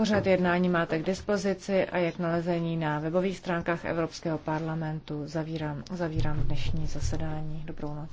Pořad jednání máte k dispozici a je k nalezení na webových stránkách Evropského parlamentu. Zavírám, zavírám dnešní zasedání. Dobrou noc.